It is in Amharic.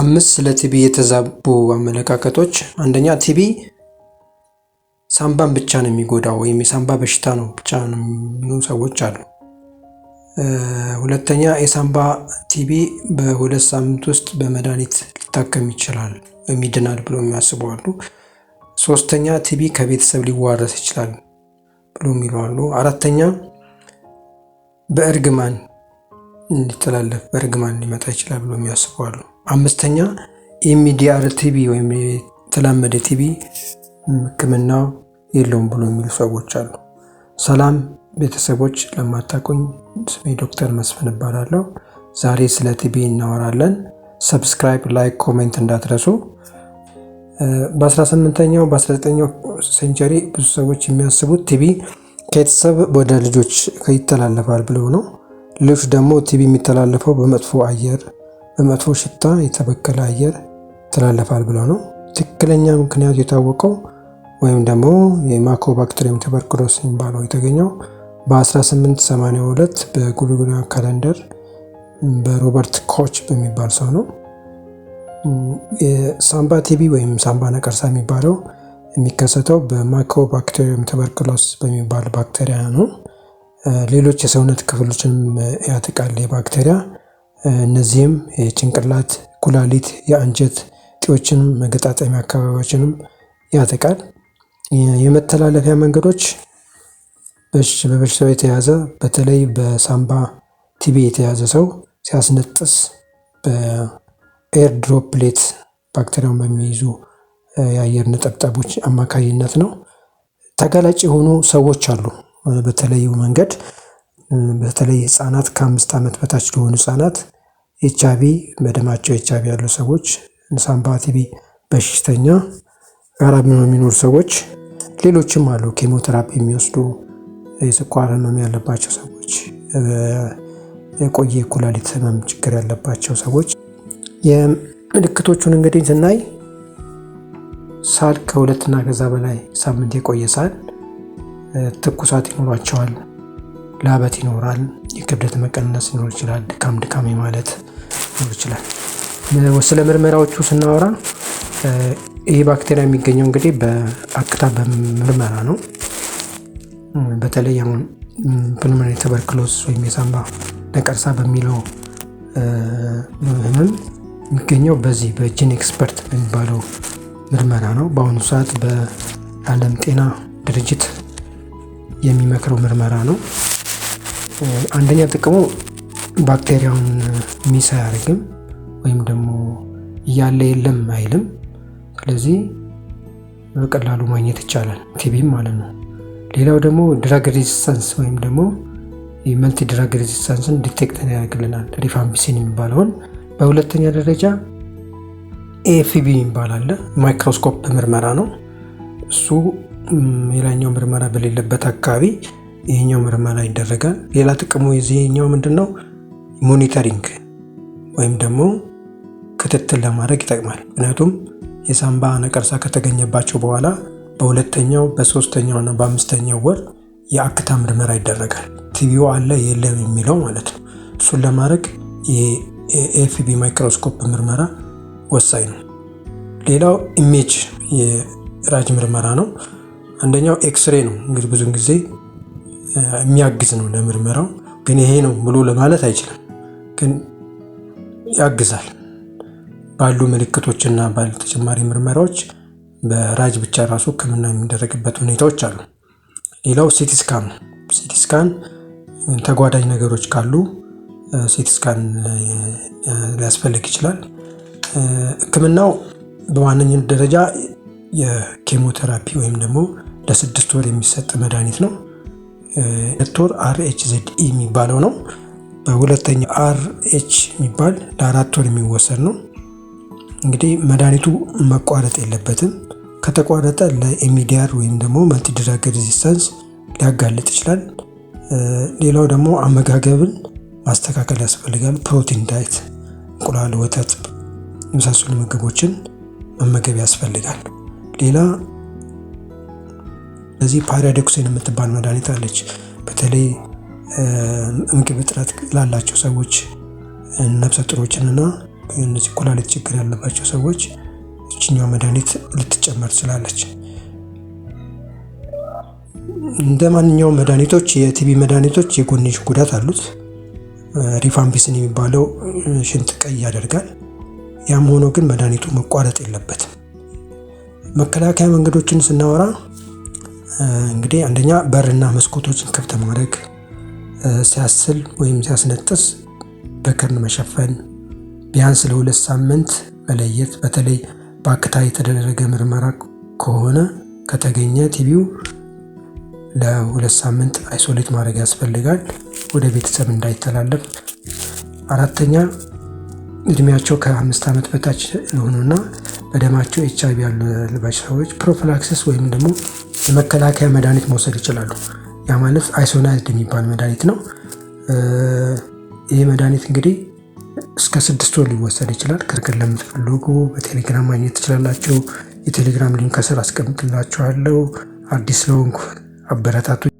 አምስት ስለ ቲቢ የተዛቡ አመለካከቶች። አንደኛ ቲቢ ሳምባን ብቻ ነው የሚጎዳው ወይም የሳምባ በሽታ ነው ብቻ ነው የሚሉ ሰዎች አሉ። ሁለተኛ የሳምባ ቲቢ በሁለት ሳምንት ውስጥ በመድኃኒት ሊታከም ይችላል የሚድናል ብሎ የሚያስቡ አሉ። ሶስተኛ ቲቢ ከቤተሰብ ሊዋረስ ይችላል ብሎ የሚሉ አሉ። አራተኛ በእርግማን እንዲተላለፍ በእርግማን ሊመጣ ይችላል ብሎ የሚያስቡ አሉ። አምስተኛ ኤምዲአር ቲቪ ወይም የተላመደ ቲቪ ህክምና የለውም ብሎ የሚሉ ሰዎች አሉ። ሰላም ቤተሰቦች፣ ለማታቆኝ ስሜ ዶክተር መስፍን እባላለሁ። ዛሬ ስለ ቲቪ እናወራለን። ሰብስክራይብ፣ ላይክ፣ ኮሜንት እንዳትረሱ። በ18ኛው በ19ኛው ሴንቸሪ ብዙ ሰዎች የሚያስቡት ቲቪ ከቤተሰብ ወደ ልጆች ይተላለፋል ብለው ነው። ልጆች ደግሞ ቲቪ የሚተላለፈው በመጥፎ አየር በመጥፎ ሽታ የተበከለ አየር ይተላለፋል ብለው ነው። ትክክለኛ ምክንያቱ የታወቀው ወይም ደግሞ የማይኮባክቴሪየም ቱበርኩሎስ የሚባለው የተገኘው በ1882 በጉሪጉሪያ ካለንደር በሮበርት ኮች በሚባል ሰው ነው። የሳምባ ቲቢ ወይም ሳምባ ነቀርሳ የሚባለው የሚከሰተው በማይኮባክቴሪየም ተበርክሎስ በሚባል ባክቴሪያ ነው። ሌሎች የሰውነት ክፍሎችንም ያጠቃል ባክቴሪያ እነዚህም የጭንቅላት፣ ኩላሊት፣ የአንጀት ጤዎችንም መገጣጠሚያ አካባቢዎችንም ያጠቃል። የመተላለፊያ መንገዶች በበሽታው የተያዘ በተለይ በሳምባ ቲቢ የተያዘ ሰው ሲያስነጥስ በኤር ድሮፕሌት ባክቴሪያውን በሚይዙ የአየር ነጠብጣቦች አማካኝነት ነው። ተጋላጭ የሆኑ ሰዎች አሉ። በተለዩ መንገድ በተለይ ህጻናት ከአምስት ዓመት በታች ለሆኑ ህጻናት ኤች አይቪ በደማቸው ኤች አይቪ ያሉ ሰዎች፣ ሳምባ ቲቪ በሽተኛ ጋራ የሚኖሩ ሰዎች፣ ሌሎችም አሉ። ኬሞቴራፒ የሚወስዱ የስኳር ህመም ያለባቸው ሰዎች፣ የቆየ ኩላሊት ህመም ችግር ያለባቸው ሰዎች የምልክቶቹን እንግዲህ ስናይ ሳል ከሁለትና ከዛ በላይ ሳምንት የቆየ ሳል፣ ትኩሳት ይኖሯቸዋል ላበት ይኖራል፣ የክብደት መቀነስ ሊኖር ይችላል፣ ድካም ድካሜ ማለት ሊኖር ይችላል። ስለ ምርመራዎቹ ስናወራ ይህ ባክቴሪያ የሚገኘው እንግዲህ በአክታ በምርመራ ነው። በተለይ አሁን ፕልሞናሪ ተበርክሎስ ወይም የሳምባ ነቀርሳ በሚለው ህመም የሚገኘው በዚህ በጂን ኤክስፐርት የሚባለው ምርመራ ነው። በአሁኑ ሰዓት በዓለም ጤና ድርጅት የሚመክረው ምርመራ ነው። አንደኛ ጥቅሙ ባክቴሪያውን ሚስ አያደርግም ወይም ደግሞ እያለ የለም አይልም። ስለዚህ በቀላሉ ማግኘት ይቻላል ቲቢም ማለት ነው። ሌላው ደግሞ ድራግ ሬዚስታንስ ወይም ደግሞ መልቲ ድራግ ሬዚስታንስን ዲቴክት ያደርግልናል ሪፋምፒሲን የሚባለውን። በሁለተኛ ደረጃ ኤፍቢ የሚባል አለ፣ ማይክሮስኮፕ ምርመራ ነው እሱ። ሌላኛው ምርመራ በሌለበት አካባቢ ይህኛው ምርመራ ይደረጋል። ሌላ ጥቅሙ የዚህኛው ምንድን ነው? ሞኒተሪንግ ወይም ደግሞ ክትትል ለማድረግ ይጠቅማል። ምክንያቱም የሳምባ ነቀርሳ ከተገኘባቸው በኋላ በሁለተኛው በሶስተኛው እና በአምስተኛው ወር የአክታ ምርመራ ይደረጋል። ቲቪው አለ የለም የሚለው ማለት ነው። እሱን ለማድረግ የኤፍቢ ማይክሮስኮፕ ምርመራ ወሳኝ ነው። ሌላው ኢሜጅ የራጅ ምርመራ ነው። አንደኛው ኤክስሬ ነው። እንግዲህ ብዙን ጊዜ የሚያግዝ ነው ለምርመራው፣ ግን ይሄ ነው ብሎ ለማለት አይችልም። ግን ያግዛል። ባሉ ምልክቶችና ባሉ ተጨማሪ ምርመራዎች በራጅ ብቻ ራሱ ሕክምና የሚደረግበት ሁኔታዎች አሉ። ሌላው ሲቲስካን ነው። ሲቲስካን ተጓዳኝ ነገሮች ካሉ ሲቲስካን ሊያስፈልግ ይችላል። ሕክምናው በዋነኝነት ደረጃ የኬሞቴራፒ ወይም ደግሞ ለስድስት ወር የሚሰጥ መድኃኒት ነው። ዶክተር አር ኢ የሚባለው ነው። በሁለተኛው አር ኤች የሚባል ለአራት ወር የሚወሰድ ነው። እንግዲህ መድኃኒቱ መቋረጥ የለበትም። ከተቋረጠ ለኤሚዲአር ወይም ደግሞ መልቲድራግ ሬዚስታንስ ሊያጋልጥ ይችላል። ሌላው ደግሞ አመጋገብን ማስተካከል ያስፈልጋል። ፕሮቲን ዳይት፣ እንቁላል፣ ወተት የመሳሰሉ ምግቦችን መመገብ ያስፈልጋል። ሌላ በዚህ ፓሪያዶክሲን የምትባል መድኃኒት አለች በተለይ ምግብ እጥረት ላላቸው ሰዎች ነፍሰ ጥሮችንና እነዚህ ኩላሊት ችግር ያለባቸው ሰዎች እችኛው መድኃኒት ልትጨመር ትችላለች። እንደ ማንኛውም መድኃኒቶች የቲቢ መድኃኒቶች የጎንሽ ጉዳት አሉት። ሪፋምፒስን የሚባለው ሽንት ቀይ ያደርጋል። ያም ሆኖ ግን መድኃኒቱ መቋረጥ የለበትም። መከላከያ መንገዶችን ስናወራ እንግዲህ አንደኛ በርና መስኮቶችን ክፍት ማድረግ ሲያስል ወይም ሲያስነጥስ በክርን መሸፈን፣ ቢያንስ ለሁለት ሳምንት መለየት። በተለይ በአክታ የተደረገ ምርመራ ከሆነ ከተገኘ ቲቢው ለሁለት ሳምንት አይሶሌት ማድረግ ያስፈልጋል፣ ወደ ቤተሰብ እንዳይተላለፍ። አራተኛ እድሜያቸው ከአምስት ዓመት በታች ለሆኑና በደማቸው ኤች አይቪ ያለባቸው ሰዎች ፕሮፊላክሲስ ወይም ደግሞ የመከላከያ መድኃኒት መውሰድ ይችላሉ። ያ ማለት አይሶናይዝድ የሚባል መድኃኒት ነው። ይህ መድኃኒት እንግዲህ እስከ ስድስት ወር ሊወሰድ ይችላል። ክርክር ለምትፈልጉ በቴሌግራም ማግኘት ትችላላችሁ። የቴሌግራም ሊንክ ከስር አስቀምጥላችኋለሁ። አዲስ ለሆንኩ አበረታቱ።